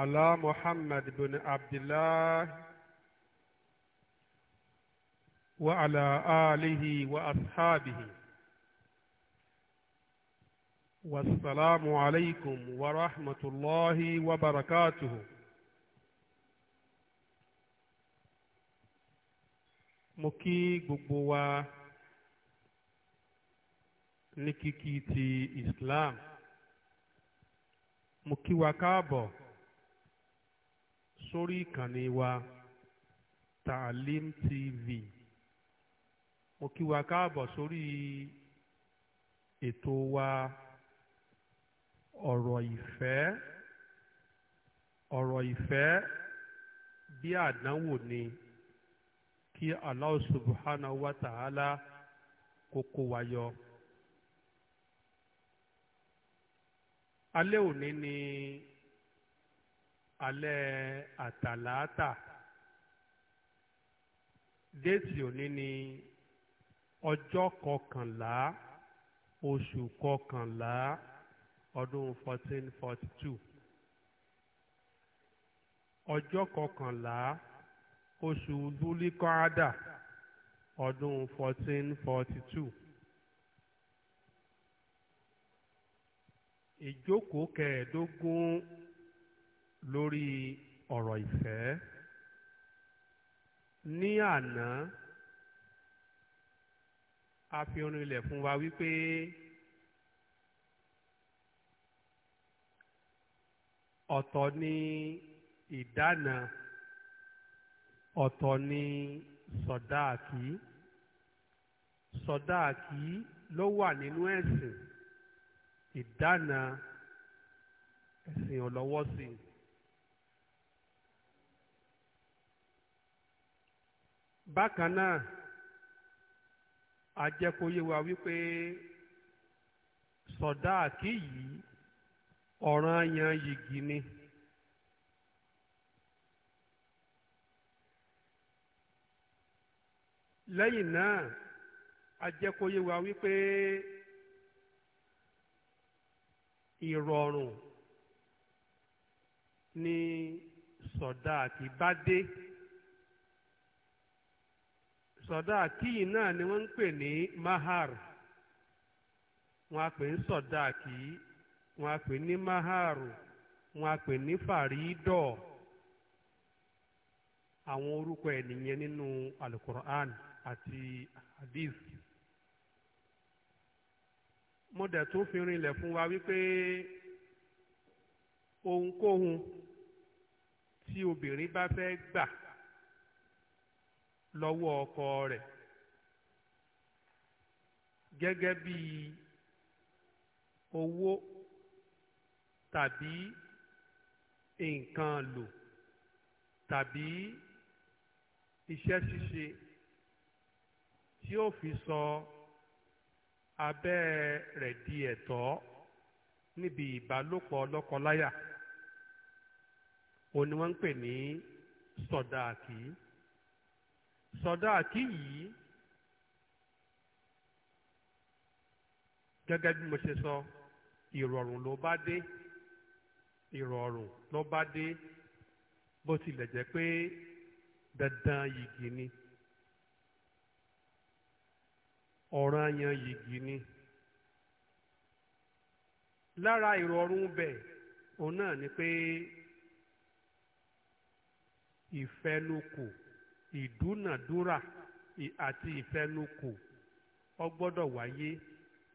على محمد بن عبد الله وعلى آله وأصحابه والسلام عليكم ورحمة الله وبركاته مكي kí gbogbo إسلام مكي kíkí sórí ìkànnì wa Taalim TV mo kí wa káàbọ̀ sórí ètò wa ọ̀rọ̀ ìfẹ́ ọ̀rọ̀ ìfẹ́ bí àdánwò ni kí Allah subhanahu wa ta'ala kó wa yọ. alẹ́ òní ni. ni alẹ́ àtàláàtà déètì òní ni ọjọ́ kọkànlá oṣù kọkànlá ọdún fourteen forty two ọjọ́ kọkànlá oṣù lulikọ́ádà ọdún fourteen forty two. ìjókòó kẹẹ̀ẹ́dógún lórí ọ̀rọ̀ ìfẹ́ ní àná a fi orin ilẹ̀ fún wa wípé ọ̀tọ̀ ni ìdána ọ̀tọ̀ ni sọ̀dáàkì sọ̀dáàkì ló wà nínú ẹ̀sìn ìdána ẹ̀sìn ọ̀lọ́wọ́sìn. bákan náà àjẹkóyè wa wípé sọdáàkì yìí ọ̀ranyàn yìgì ni. lẹ́yìn náà ajẹ́kóyé wa wípé ìrọ̀rùn ni sọ̀dáàkì bá dé. sọdáàkì yìí náà ni wọ́n ń pè ní mahar wọ́n á pè ní sọdáàkì wọ́n á pè ní maharu wọ́n á pè ní fàrídọ̀ àwọn orúkọ ẹ̀ nìyẹn nínú alukur'an àti hadith mo dẹ̀ tún fi rinlẹ̀ fún wa wípé ohunkóhun tí obìnrin bá fẹ́ gbà lọ́wọ́ ọkọ rẹ̀ gẹ́gẹ́ bí owó tàbí nǹkan lò tàbí iṣẹ́ ṣíṣe tí ó fi sọ abẹ́ rẹ̀ di ẹ̀tọ́ níbi ìbálòpọ̀ lọ́kọláya òun ni wọ́n ń pè ní sọ̀dáàkì. So sọdáàkì yìí gẹ́gẹ́ bí mo ṣe sọ ìrọ̀rùn ló bá dé ìrọ̀rùn ló bá dé bó tilẹ̀ jẹ́ pé dandan yìgì ni ọ̀ranyàn yìgì ni lára ìrọ̀rùn bẹ̀ òun náà ni pé ìfẹnukò. ìdúnàdúrà àti ìfẹnukò ó wáyé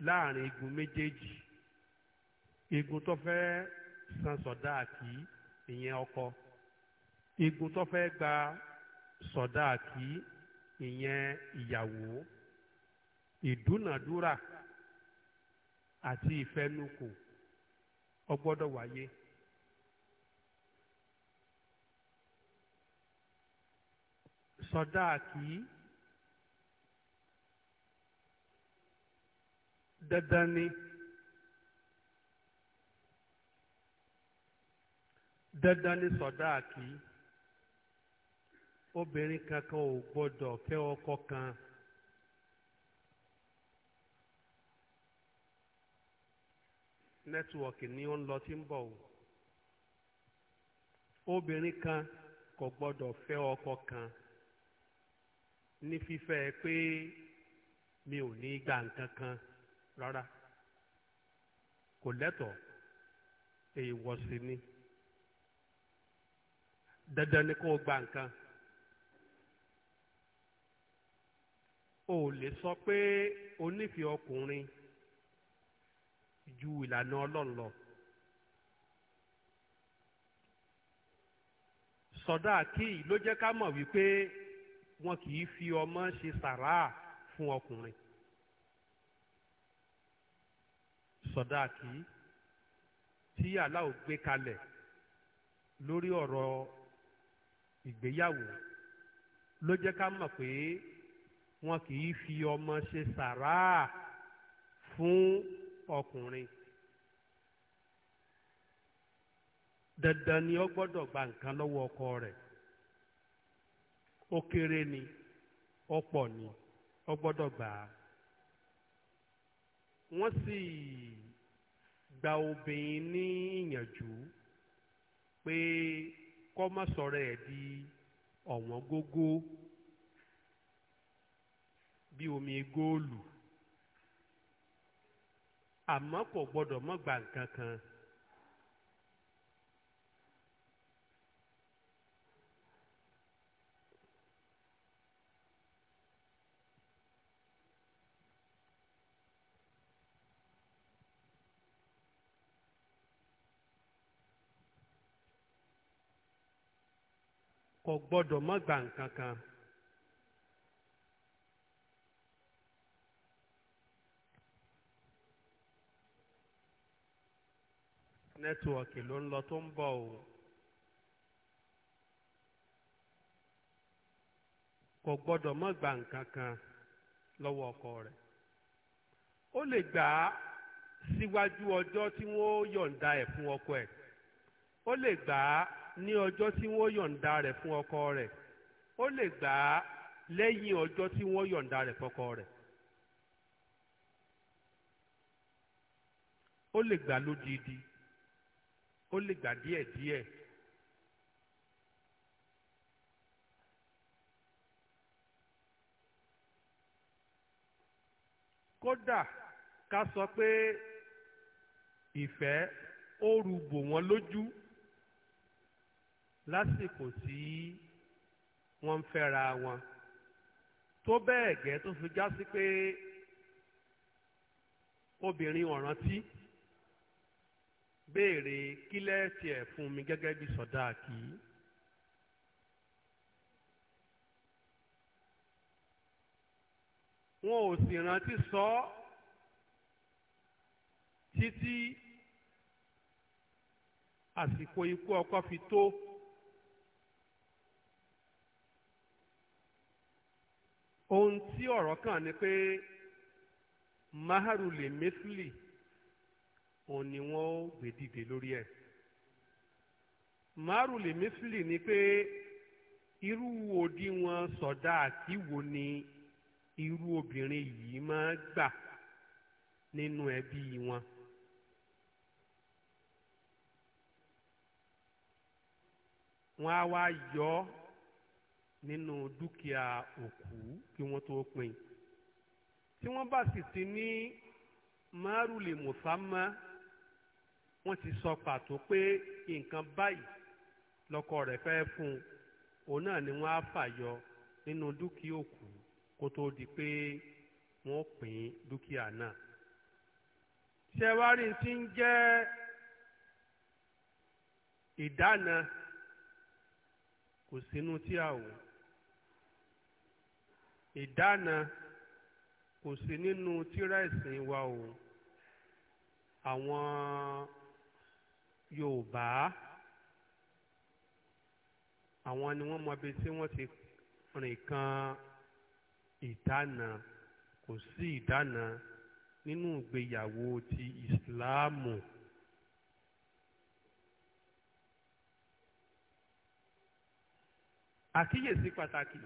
láàrin igun méjèèjì igun tó fẹ́ san sọ̀dáàkì ìyẹn ọkọ igun tó fẹ́ gba sọ̀dáàkì ìyẹn ìyàwó ìdúnàdúrà àti ìfẹnukò ó wáyé. sọdáàkì dandan ni dandan ni sọdáàkì obìnrin kankan ò gbọdọ̀ fẹ́ ọkọ kan. nẹ́tíwọ̀kì ni ó ń lọ tí ń bọ̀ o obìnrin kan kò gbọdọ̀ fẹ́ ọkọ kan ní fífẹ́ pé mi ò ní gba nǹkan kan rárá kò lẹ́tọ̀ọ́ èèwọ̀ sí ni dandan ni kó o gba nǹkan o lè sọ pé o nífẹ̀ẹ́ ọkùnrin ju ìlànà ọlọ́run lọ. sọ̀dá kí ló jẹ́ ká mọ̀ wípé wọn kì í fi ọmọ ṣe sàrà fún ọkùnrin sọdáàkì tí aláwo gbé kalẹ̀ lórí ọ̀rọ̀ ìgbéyàwó ló jẹ́ ká mọ̀ pé wọn kì í fi ọmọ ṣe sàrà fún ọkùnrin dandan ni ó gbọ́dọ̀ gba nǹkan lọ́wọ́ ọkọ rẹ̀ ó kéré ni ó pọ̀ ni ó gbọ́dọ̀ gbà á. wọ́n sì gba obìnrin ní ìyànjú pé kọ́ má sọ̀rọ̀ ẹ̀ di ọ̀wọ́n gógó bí omi góòlù àmọ́ kò gbọ́dọ̀ mọ́ gbà nǹkan kan. kan kò gbọ́dọ̀ má nǹkan kan. nẹ́tíwọ̀kì ló ń lọ tó ń bọ̀ o. kò gbọ́dọ̀ má gba nǹkan kan lọ́wọ́ ọkọ rẹ̀. ó lè gbà á síwájú ọjọ́ tí wọ́n yọ̀ǹda ẹ̀ fún ọkọ ẹ̀. ó lè gbà á ní ọjọ́ tí wọ́n yọ̀ǹda rẹ̀ fún ọkọ rẹ̀ ó lè gbà á lẹ́yìn ọjọ́ tí wọ́n yọ̀ǹda rẹ̀ fọkọ rẹ̀ ó lè gbà lódidi ó lè gbà díẹ̀díẹ̀. kódà ká sọ pé ìfẹ́ ó rú bò lójú lásìkò tí wọ́n ń fẹ́ra wọn tó bẹ́ẹ̀ gẹ́ tó fi já sí pé obìnrin ọ̀rántí béèrè kílẹ̀ tiẹ̀ fún mi gẹ́gẹ́ bí sọ̀dáàkì. wọn ò sì rántí sọ ọ́ títí àsìkò ikú ọkọ fi tó. ohun tí ọ̀rọ̀ kàn ni pé maharule lè òun ni wọ́n ó gbèdìde lórí ẹ̀ maharule lè ni pé irú òdiwọ̀n sọ̀dá àti wo ni irú obìnrin yìí máa gbà nínú ẹbí wọn. wọ́n á wá yọ ọ́ nínú dúkìá òkú kí wọ́n tó pin. tí wọ́n bá sì ti ní márùlì mùsámá wọ́n ti sọ pàtó pé nǹkan báyìí lọkọ rẹ̀ fẹ́ fún un òun náà ni wọ́n á fà yọ nínú dúkìá òkú kó tó di pé wọ́n pin dúkìá náà ṣẹwárí ti ń jẹ́ ìdáná kò sínú tí a ò. ìdána kò sí nínú tírà ẹ̀sìn wa o àwọn Yorùbá àwọn ni wọ́n mọ ibi tí wọ́n ti rìn kan ìdána kò sí ìdána nínú ìgbéyàwó ti ìsìláàmù. àkíyèsí pàtàkì.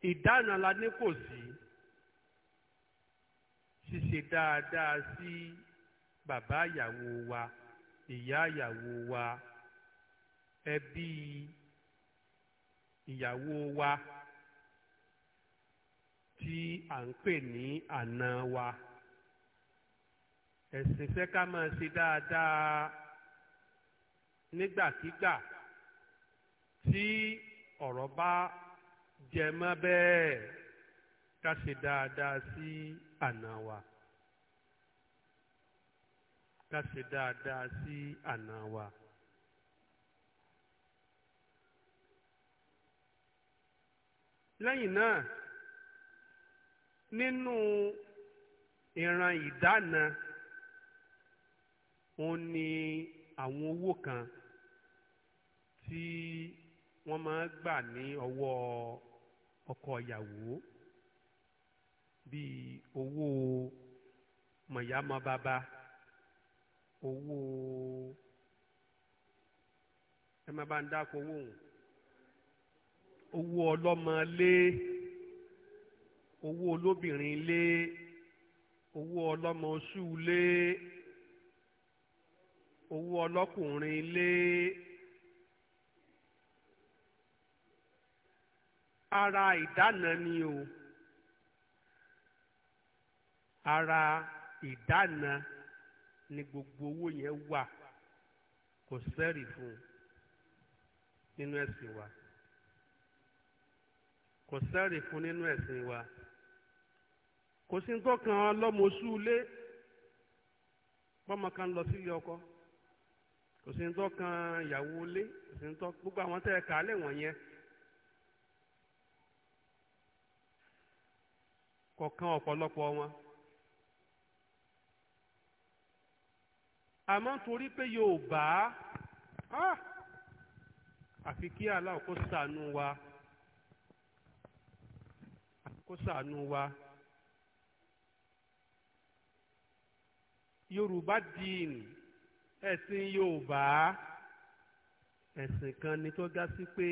ìdáná la ní kò sí ṣíṣe dáadáa sí bàbá ìyàwó wa ìyá ìyàwó wa ẹbí ìyàwó wa tí à ń pè ní àna wa ẹ̀sìn fẹ́ ká máa ṣe dáadáa nígbàkigbà tí ọ̀rọ̀ bá jẹ̀mọ́ bẹ́ẹ̀ ká ṣe dáadáa sí àna wa ká ṣe dáadáa sí àna wa. lẹ́yìn náà nínú ìran ìdána òun ni àwọn owó kan tí wọ́n máa gbà ní ọwọ́ ọkọ ìyàwó bíi owó mọ̀yámọ́bábá owó ẹ má bá ń dáko owó òun owó ọlọ́mọ lé owó olóbìnrin lé owó ọlọ́mọ oṣù lé owó ọlọ́kùnrin lé. ara ìdáná ni o ara ìdáná ni gbogbo owó yẹn wà kò sẹ́rì fún un nínú ẹ̀sìn wa kò sẹ́rì fún nínú ẹ̀sìn wa kò sí tó kan ọlọ́mọṣú ilé bọ́mọ kan lọ sílé ọkọ kò sí tó kan ìyàwó ilé kò sí tó gbogbo àwọn tẹ́ ẹ kà yẹn. kọ̀ọ̀kan ọ̀pọ̀lọpọ̀ wọn. àmọ́ torí pé Yorùbá ah, àfi kí aláwọ̀ kó ṣàánú wa kó ṣàánú wa Yorùbá dín ẹ̀sìn Yorùbá ẹ̀sìn kan ni tó ga sí pé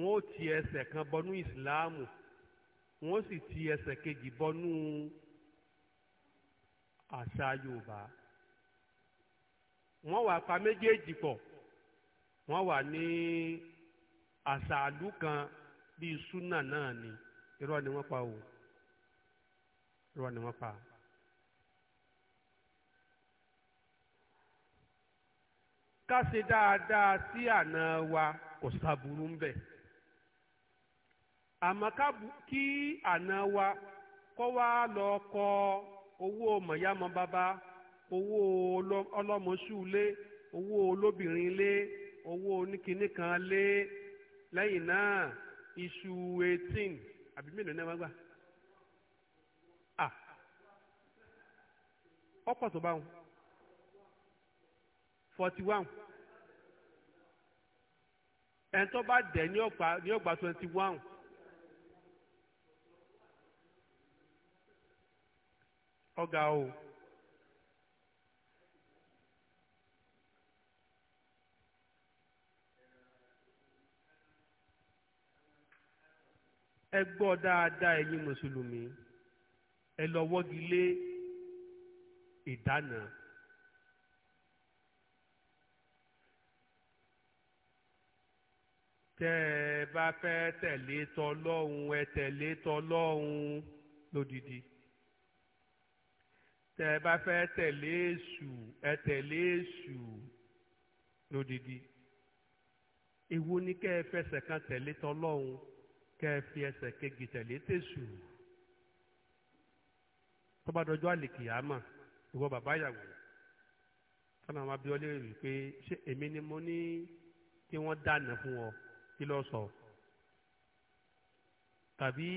wọ́n ó ti ẹsẹ̀ kan bọnú ìsìláàmù. wọ́n sì ti ẹsẹ̀ kejì bọ́nú àṣà Yorùbá wọ́n wà pa méjèèjì pọ̀ wọ́n wà ní àṣà àlù kan bíi súnà náà ni irọ́ ni wọ́n pa o irọ́ ni wọ́n pa. ká ṣe dáadáa sí àna wa kò sábúrú ń bẹ̀. àmọ́ kí àna wa kọ́ wá lọ kọ owó mọ̀yámọ́ bàbá owó ọlọ́mọṣú lé owó olóbìnrin lé owó oníkinní kan lé lẹ́yìn náà iṣu eighteen àbí mélòó náà wọ́n gbà. ọ̀pọ̀ tó bá wọn forty one ẹni tó bá dẹ̀ ní ọgbà twenty one. ọ̀gá o. ẹ gbọ́ dáadáa ẹ̀yin mùsùlùmí ẹ lọ wọ́gi lé ìdáná. tẹ́ ẹ bá fẹ́ tẹ̀lé tọlọ́hun ẹ tẹ̀lé tọlọ́hun lódìdí tẹ ẹ bá fẹ́ tẹ̀lé èṣù ẹ tẹ̀lé èṣù lódìdí èwo ni kẹ́ ẹ fẹsẹ̀ kan tẹ̀lé tọlọ́hun kẹ́ ẹ fi ẹsẹ̀ kejì tẹ̀lé tẹ̀sù tọ́badọ́jọ́ àlìkìyàmà ìwọ bàbá ìyàwó sọ́nà àwọn abiyọ́lé rẹ̀ wípé ṣé èmi ni mo ní kí wọ́n dáná fún ọ kí ló sọ tàbí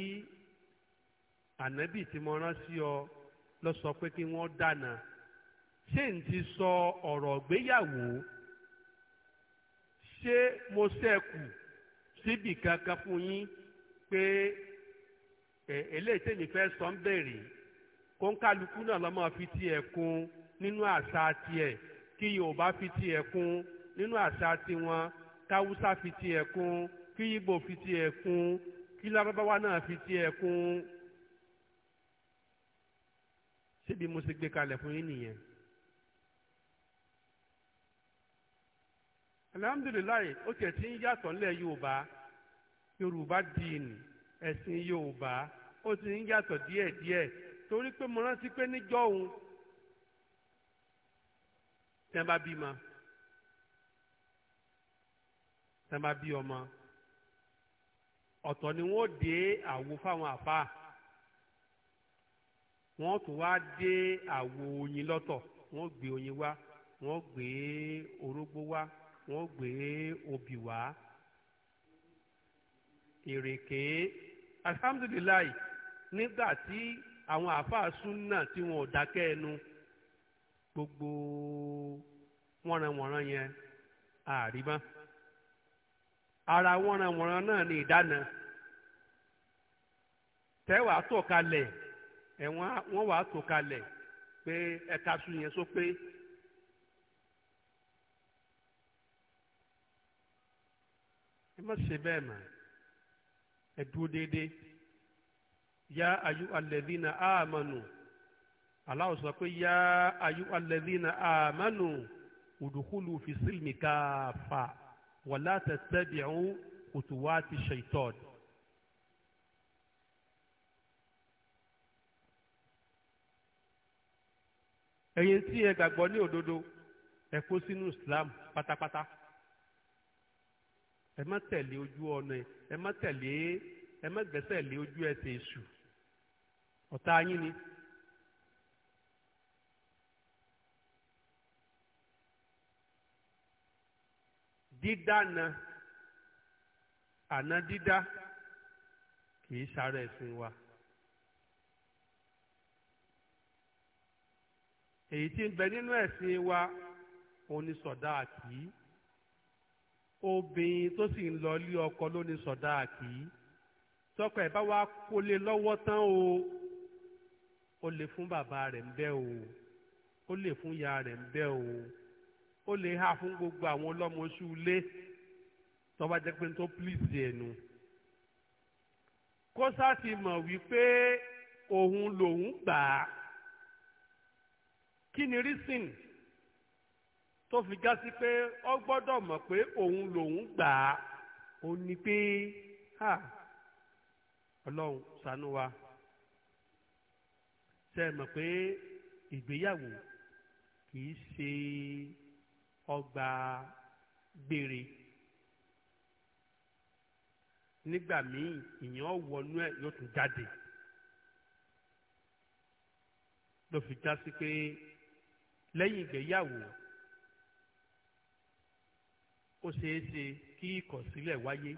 ànábì tí mo rán sí ọ lọ sọ pé kí wọ́n dáná ṣé n ti sọ ọ̀rọ̀ gbéyàwó ṣé mo ṣẹ́kù síbì kankan fún yín pé eléyìí tèmi fẹ́ sọ ń bèrè kóńkálukú náà lọ́mọ fi tiẹ̀ kún nínú àṣà tiẹ̀ kí Yorùbá fi tiẹ̀ kún nínú àṣà tiwọn káwúsá fi tiẹ̀ kún kí Ìgbò fi tiẹ̀ kún kí Lárúbáwá náà fi tiẹ̀ kún síbi mo sì gbé kalẹ̀ fún yín nìyẹn. alhamdulilayi ó tiẹ̀ ti ń yàtọ̀ nílẹ̀ yorùbá yorùbá díìnì ẹ̀sìn yorùbá ó ti ń yàtọ̀ díẹ̀díẹ̀ torí pé mo rántí pé níjọ́ òun tẹ́ bá bímọ tẹ́ bá bí ọmọ ọ̀tọ̀ ni wọ́n dé àwo fáwọn àfáà wọ́n tún wá dé àwo oyin lọ́tọ̀ wọ́n gbé oyin wá wọ́n gbé orógbó wá wọ́n gbé obì wá ìrèké alhamdulilayi nígbà tí àwọn àáfàá súnà tí wọn ò dákẹ́ ẹnu gbogbo wọ́nranwọ̀nran yẹn àrímá ara wọ́nranwọ̀nran náà ni ìdáná tẹ́wàá tò kalẹ̀ ẹ̀wọ̀n wọ́n wàá tó kalẹ̀ pé ẹ̀ka su yẹn só pé. ẹ má ṣe bẹ́ẹ̀ mà ẹ dúró déédéé yá ayú alladhina amanu Allah sọ pé yá ayú alladhina amanu udkhulu fi silmi kaafa wala tattabi'u khutuwati shaytan. ẹ̀yin tí ẹ gbàgbọ́ ní òdodo ẹ kó sínú Islam pátápátá ẹ má tẹ̀lé ojú ọ̀nà ẹ má tẹ̀lé ẹ má gbẹ́sẹ̀ lé ojú ẹsẹ̀ èṣù ọ̀tá yín ni. dídána àná dídá kì í sára ẹ̀sìn wa. èyí tí ń bẹ nínú ẹ̀sìn wa òun ni obìnrin tó sì ń lọ ilé ọkọ ló ní tọkọ ẹ̀ bá wá kólé lọ́wọ́ tán o ó lè fún bàbá rẹ̀ ń bẹ́ o ó lè fún ìyá rẹ̀ ń bẹ́ o ó lè há fún gbogbo àwọn ọlọ́mọ ilé tó jẹ́ pé tó pílìsì ẹ̀nu kó sá ti mọ̀ wípé òun lòun gbà á kí ni reason tó fi já sí pé ọ gbọ́dọ̀ mọ̀ pé òun lòun gbà á ó ní pé ha ọlọ́run ṣàánú wa ṣe mọ̀ pé ìgbéyàwó kì í ṣe ọgbà gbére nígbà míì ìyẹn wọnú ẹ yóò tún jáde ló fi já sí pé. lẹ́yìn ìgbéyàwó ó ṣeé ṣe kí ìkọ̀sílẹ̀ wáyé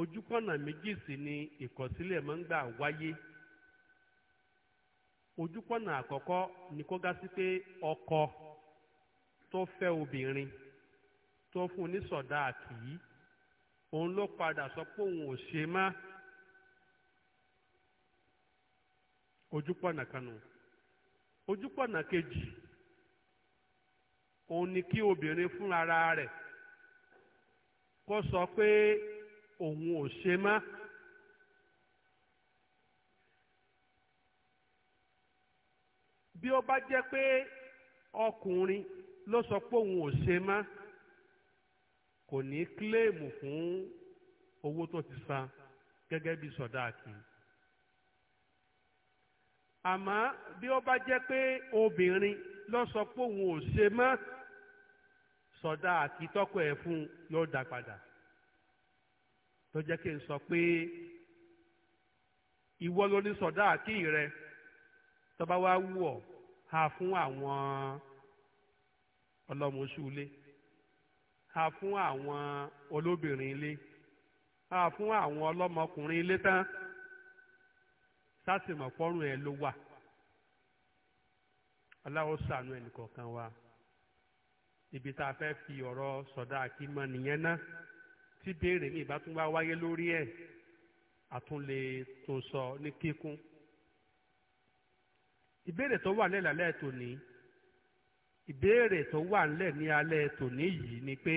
ojúkọ̀nà méjì sì ni ìkọ̀sílẹ̀ máa ń gbà wáyé ojúkọ̀nà àkọ́kọ́ ni kó gá pé ọkọ tó fẹ́ obìnrin tó fún un ní sọ̀dá àkì yìí òun ló padà sọ pé òun ò ṣe má ojúkọ̀nà kan ojúpọ̀nà kejì òun ni kí obìnrin fúnra rẹ̀ kó sọ pé òun ò ṣe mọ́. bí ó bá jẹ́ pé ọkùnrin ló sọ pé òun ò ṣe mọ́ kò ní kílèmù fún owó tó ti san gẹ́gẹ́ bí sọ̀dáàkì. So àmọ́ bí ó bá jẹ́ pé obìnrin lọ sọ pé òun ò ṣe mọ́ sọ̀dá àkítọ́kọ̀ ẹ̀ fún un yóò dá padà tó jẹ́ kí n sọ pé ìwọ ló ní sọ̀dá àkí rẹ tó bá wá wù ọ́ ha fún àwọn ọlọ́mọṣú ilé ha fún àwọn olóbìnrin ilé ha fún àwọn ọlọ́mọkùnrin ilé tán sásìmọ̀ pọ́rùn ẹ ló wà aláwọ̀ sànú ẹnìkọ̀ọ̀kan wa ibi tá a fẹ́ fi ọ̀rọ̀ sọ̀dá àkímọ̀ nìyẹn ná tí béèrè mi ìbá tún bá wáyé lórí ẹ̀ àtúnlé tó sọ ní kíkún ìbéèrè tó wà nílẹ̀ alẹ́ tòní ìbéèrè tó wà nílẹ̀ ní alẹ́ tòní yìí ni pé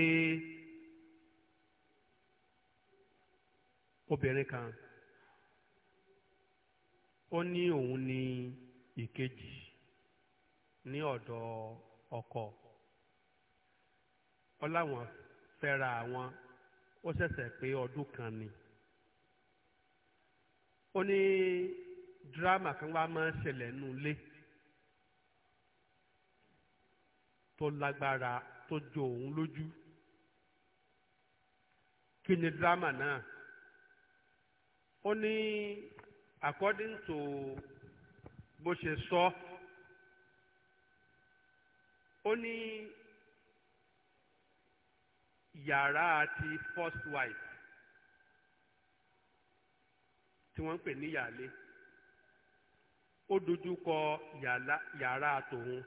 obìnrin kan ó ní òun ní ìkejì ní ọ̀dọ̀ ọkọ ó fẹ́ra àwọn ó ṣẹ̀ṣẹ̀ pé ọdún kan ni ó ní dírámà kan wá máa ń ṣẹlẹ̀ nù lé tó lágbára tó jọ òun lójú kí ni dírámà náà ó ní according to bó ṣe sọ ó ní yàrá ti first wife tí wọ́n ń pè ní yàlé ó dojú kọ yàrá tòun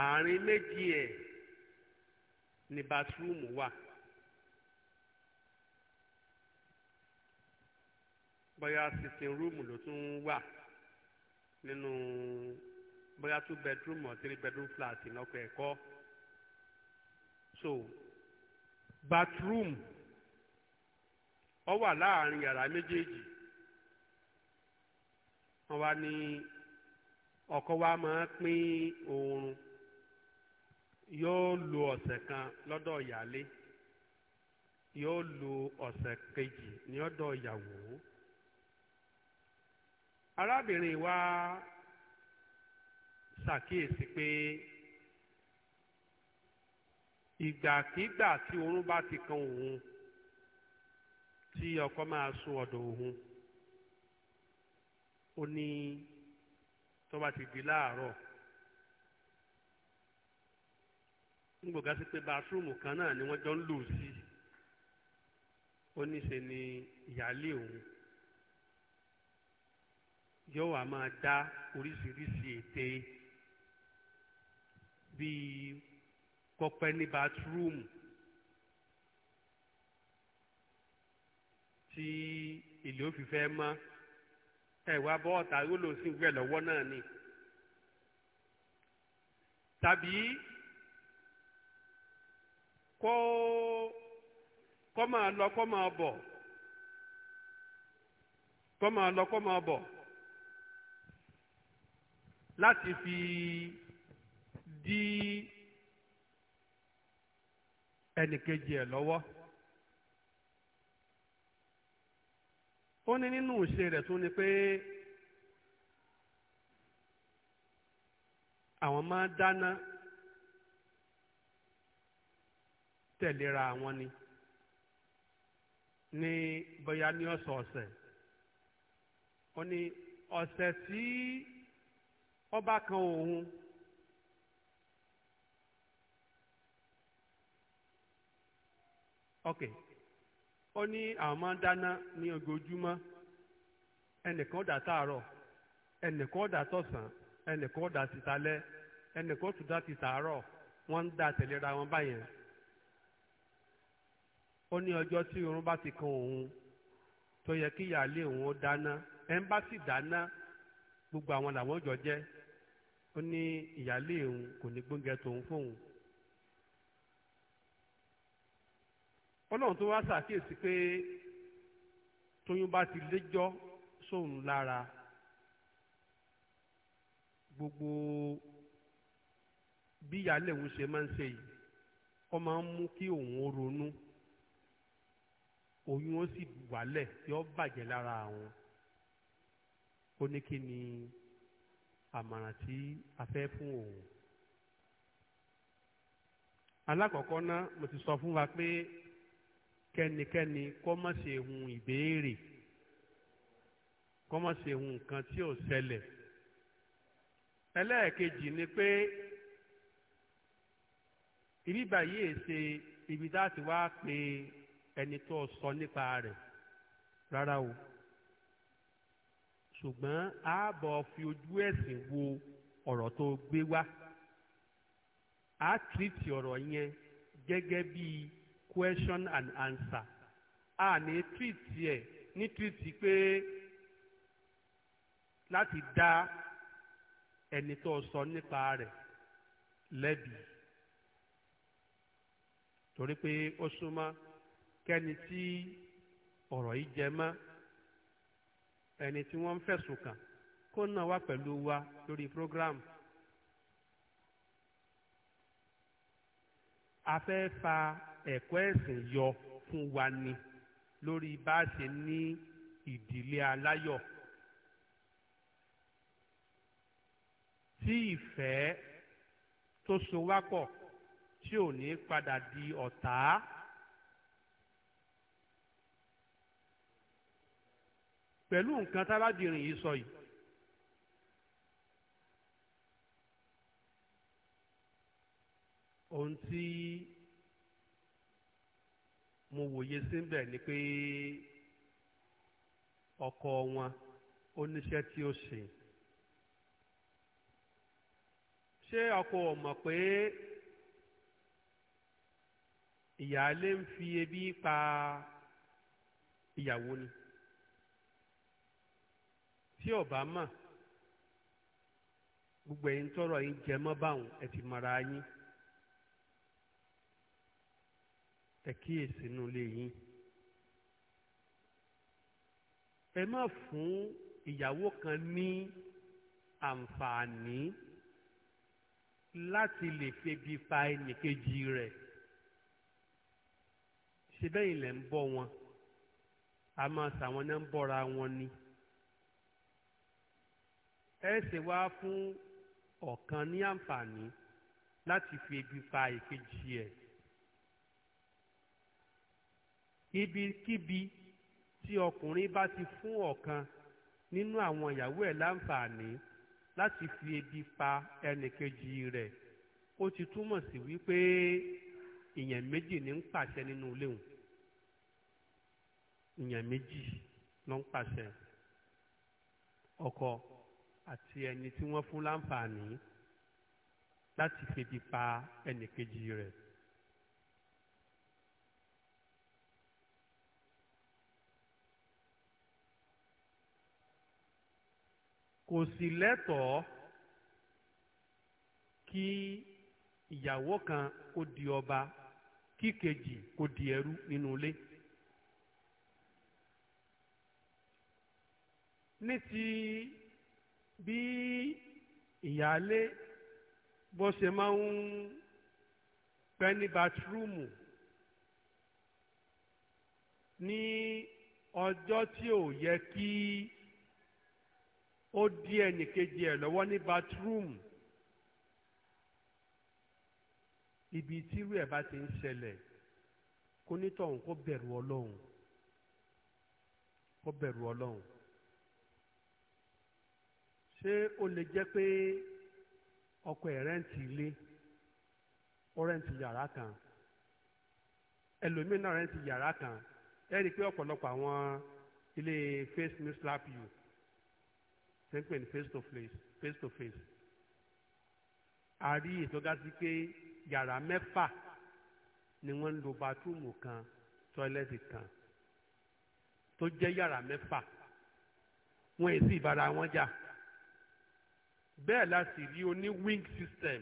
àárín méjì ẹ̀ ní bathroom wà. bóyá sitting room ló tún wà nínú bóyá two bedroom or three bedroom flat lọ́pọ̀ ẹ̀kọ́ so bathroom ọ wà láàrin yàrá méjèèjì wọ́n wá ní ọkọ wa máa pín oorun yóò lo ọ̀sẹ̀ kan lọ́dọ̀ ìyálé yóò lo ọ̀sẹ̀ kejì ní ọdọ ìyàwó. arábìnrin wa ṣàkíyèsí pé ìgbàkigbà tí oorun bá ti kan òun tí ọkọ máa sùn ọ̀dọ̀ òun ó ní tó bá ti di láàárọ̀ nígbòga sí pé báṣúrúmù kan náà ni wọ́n jọ ń lò sí ó ní ṣe ni ìyáálé òun yóò wá máa dá oríṣiríṣi ète bíi kọ́pẹ́ ní bathroom tí ìlú òfin fẹ́ mọ́ ẹ̀wà bọ́ọ̀tà yóò lò sí ìwé lọ́wọ́ náà ni tàbí kó kó máa lọ kó máa bọ̀ kó máa lọ kó máa bọ̀ láti fi dí ẹnìkejì ẹ̀ lọ́wọ́. ó ní nínú ìṣe rẹ̀ tún ni pé àwọn máa dáná tẹ̀léra àwọn ni ní bóyá ní ọ̀sọ̀ọ̀sẹ̀ ó ní ọ̀sẹ̀ tí. Si, ọba kan òun ok ó ní àwọn máa ń dáná ní ojoojúmọ́ ẹnìkan dà tààrọ̀ ẹnìkan dà tọ̀sán ẹnìkan dà tìtalẹ́ ẹnìkan tún dà wọ́n ń dà tẹ̀léra wọn báyẹn ó ní ọjọ́ tí oorun bá ti kan òun tó yẹ kí ìyáálé òun dáná ẹ̀ gbogbo àwọn làwọn jọ jẹ́ ó ní ìyáálé òun kò ní gbóúnjẹ tòun fóun ọlọ́run tó wá ṣàkíyèsí pé tóyún bá ti léjọ́ sóun lára gbogbo bí ìyáálé òun ṣe máa ń ṣe yìí ó máa ń mú kí òun ronú oyún ó sì wálẹ̀ yóò bàjẹ́ lára àwọn ó ní kí ni àmọ̀ràn tí a fẹ́ fún òun. alákọ̀ọ́kọ́ náà mo ti sọ fún wa pé kẹ́nikẹ́ni kó má ṣe hun ìbéèrè kó má ṣe hun nǹkan tí ò ṣẹlẹ̀. ẹlẹ́ẹ̀kejì ni pé ibi báyìí èsè ibi tá a ti wá pé ẹni tó sọ nípa rẹ̀ rárá o ṣùgbọ́n ààbọ̀ fi ojú ẹ̀sìn wo ọ̀rọ̀ tó gbé wá a tìrìtì ọ̀rọ̀ yẹn gẹ́gẹ́ bí question and answer a ní tìrìtì ẹ̀ ní tìrìtì pé láti dá ẹni tó sọ nípa rẹ̀ lẹ́bi torí pé ó súnmọ́ kẹ́ni tí ọ̀rọ̀ yìí jẹ mọ́ ẹni tí wọ́n ń fẹ̀sùn kàn kó náà wá pẹ̀lú wa lórí program. a fẹ́ fa ẹ̀kọ́ ẹ̀sìn yọ fún wa ni lórí bá a ṣe ní ìdílé aláyọ̀. tí ìfẹ́ tó so wá pọ̀ tí ò ní padà di ọ̀tá. pẹ̀lú nǹkan tábàdìrín yìí sọ yìí. ohun tí mo wòye síbẹ̀ ni pé ọkọ wọn oníṣẹ́ tí ó ṣe ṣé ọkọ ò mọ̀ pé ìyáálé ń fi ebi pa ìyàwó ni tí ọba mà gbogbo ẹ̀yin tọrọ yín jẹ mọ́ báwọn ẹ ti mara yín ẹ kíyèsí inú ilé yín ẹ má fún ìyàwó kan ní àǹfààní láti lè febi pa ẹnìkejì rẹ̀ ṣe bẹ́yìn lẹ̀ ń bọ́ wọn a máa sàwọn náà ń bọ́ra wọn ni ẹ ṣe wá fún ọ̀kan ní àǹfààní láti fi ebi pa èkejì ẹ̀ ibikíbi tí ọkùnrin bá ti fún ọ̀kan nínú àwọn ìyàwó ẹ̀ láǹfààní láti fi ebi pa ẹnìkejì rẹ̀ ó ti túmọ̀ sí wípé ìyẹn méjì ní ń pàṣẹ nínú ilé òun ìyẹn méjì ló ń pàṣẹ ọkọ àti ẹni tí wọ́n fún láǹfààní láti febi pa ẹnìkejì rẹ̀. kò sì lẹ́tọ̀ọ́ kí ìyàwó kan kó di ọba kí kejì kó di ẹrú nínú ilé. ní ti bí ìyáálé bó ṣe máa ń pẹ́ ní bathroomu ní ọjọ́ tí ò yẹ kí ó dí ẹnìkejì ẹ̀ lọ́wọ́ ní bathroomu ibi tírú ẹ̀ bá ti ń ṣẹlẹ̀ kó nítọ̀hún kó bẹ̀rù ọlọ́run kó bẹ̀rù ọlọ́run ṣé ó lè jẹ́ pé ọkọ ẹ̀ rẹ́ǹtì ilé ó rẹ́ǹtì yàrá kan ẹlòmíràn rẹ́ǹtì yàrá kan ẹ̀rí pé ọ̀pọ̀lọpọ̀ àwọn ilé face me slap you ṣe ń pè ní face to face face to face a rí ìtọ́gá sí pé yàrá mẹ́fà ni wọ́n ń lo batúùmù kan tọ́ílẹ́tì kan tó jẹ́ yàrá mẹ́fà wọ́n èsì ìbára wọn jà. Ja bẹ́ẹ̀ la sì rí oní wing system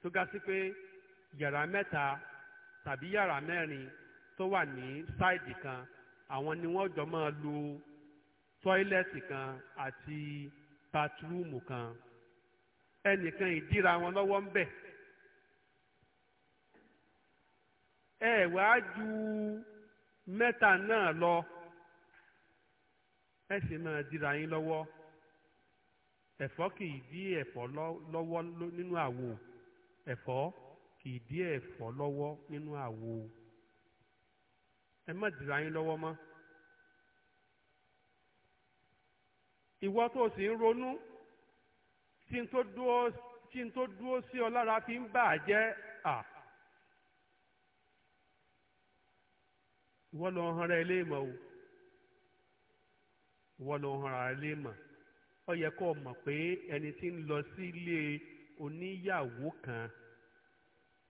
tó ga sí pé yàrá mẹ́ta tàbí yàrá mẹ́rin tó wà ní sáìdì kan àwọn ni wọ́n jọ máa lo tọ́ílẹ̀tì kan àti bátírúùmù kan ẹnìkan ìdíra wọn lọ́wọ́ ń bẹ̀. ẹ wàá ju mẹ́ta náà lọ ẹ sì máa dira yín lọ́wọ́. Efo kì í dí ẹ̀fọ́ lọwọ nínú àwo ẹ̀fọ́ kì í dí ẹ̀fọ́ lọwọ nínú àwo ẹ má dìrà yín lọwọ ìwọ tó o sì ń ronú tí n tó dúró tí n tó dúró sí ó yẹ kó o mọ̀ pé ẹni tí ń lọ sí ilé oníyàwó kan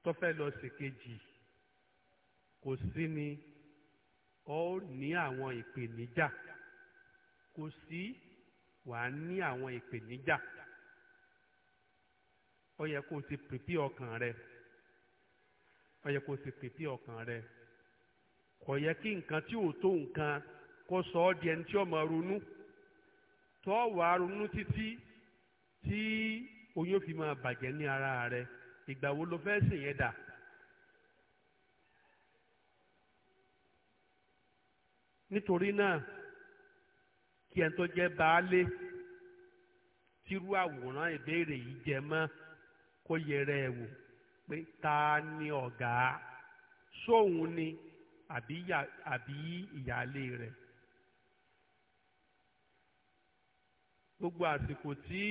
tó fẹ́ lọ ṣèkejì kò sí ni ó ní àwọn ìpèníjà kò sí wàá ní àwọn ìpèníjà ó yẹ kó o ti pèpè ọkàn rẹ ó yẹ kó o ti pèpè ọkàn rẹ kò yẹ kí nǹkan tí ò tó nǹkan kó sọ ọ́ di ẹni tí ó máa ronú tó wàá ronú títí tí oyún fi máa bàjẹ́ ní ara rẹ ìgbà wo ló fẹ́ sìn yẹn dà. nítorí náà kí ẹni tó jẹ́ baálé tírú àwòrán ìbéèrè yìí jẹ mọ́ kó yẹrẹ ẹ̀ wò pé ta ni ọ̀gá sóun ni àbí ìyáálé rẹ̀. gbogbo àsìkò tí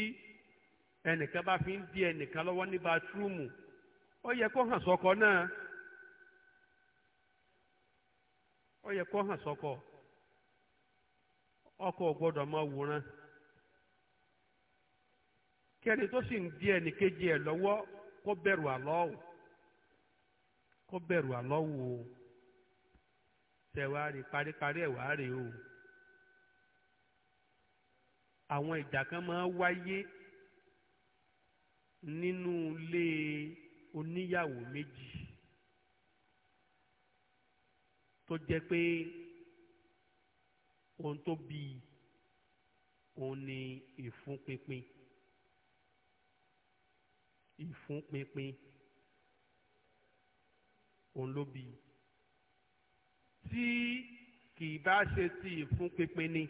ẹnìkan bá fi ń di ẹnìkan lọ́wọ́ ní bathroomu ó yẹ kó hàn náà ó yẹ kó hàn ọkọ ò gbọ́dọ̀ wòran kẹ́ni tó sì ń di ẹnìkejì ẹ̀ lọ́wọ́ kó bẹ̀rù o tẹ̀wá rí paríparí ẹ̀ o. àwọn ìjà kan máa wáyé nínú ilé oníyàwó méjì tó jẹ́ pé ohun tó bí òun ni ìfúnpinpin ìfúnpinpin òun ló bí tí kì í bá ṣe ti ìfúnpinpin ni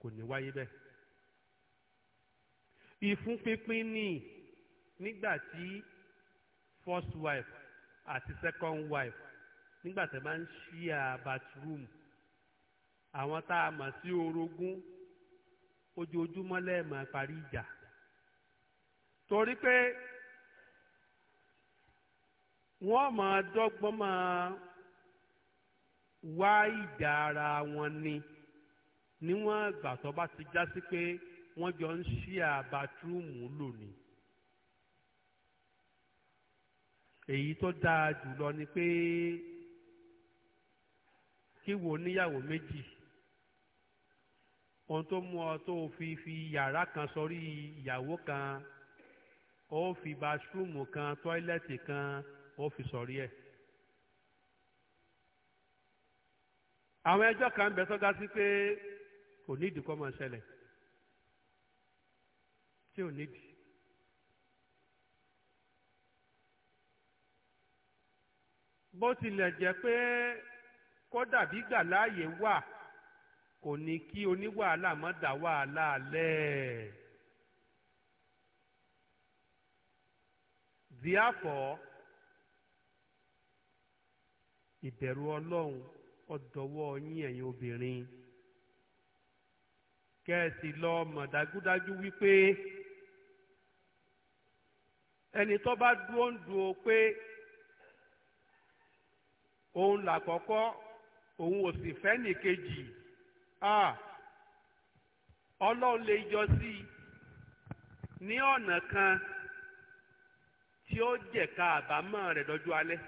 kò ní wáyé bẹ́ẹ̀ ìfúnpínpín ni nígbà tí first wife àti second wife nígbà tí wọ́n bá ń ṣíà bathroom àwọn tá a mọ̀ sí orogún ojoojúmọ́ lẹ́ẹ̀mọ́ parí ìjà torí pé wọ́n máa dọ́gbọ́n máa wá ìjà ara wọn ni níwọ̀n ìgbà tó bá ti já sí pé wọ́n jọ ń ṣíà bàtúrùmù lónìí. èyí tó dáa jùlọ ni pé kí wo níyàwó méjì ohun tó mú ọ tó fi fi yàrá kan sọrí ìyàwó kan ó fi bàtúrùmù kan tọ́ílẹ̀tì kan ó fi sọrí ẹ̀. àwọn ẹjọ́ kan bẹ sọ́gá sí pé kò ní ìdíkọ́ máa ṣẹlẹ̀ tí ò nídìí. bó tilẹ̀ jẹ́ pé kódà bí gbàláàyè wà kò ní kí oníwàhálà má dá wàhálà lẹ̀. therefore ìbẹ̀rù ọlọ́run ọ̀dọ́wọ́ yín ẹ̀yin obìnrin kẹ́ ẹ sì lọ mọ̀ dájúdájú wípé ẹni tó bá dúró ń dúró pé òun làkọ́kọ́ òun ò sì fẹ́ nìkejì ọlọ́run lè yọ sí i ní ọ̀nà kan tí ó jẹ̀ka àbámọ̀ rẹ̀ dọ́jú alẹ́.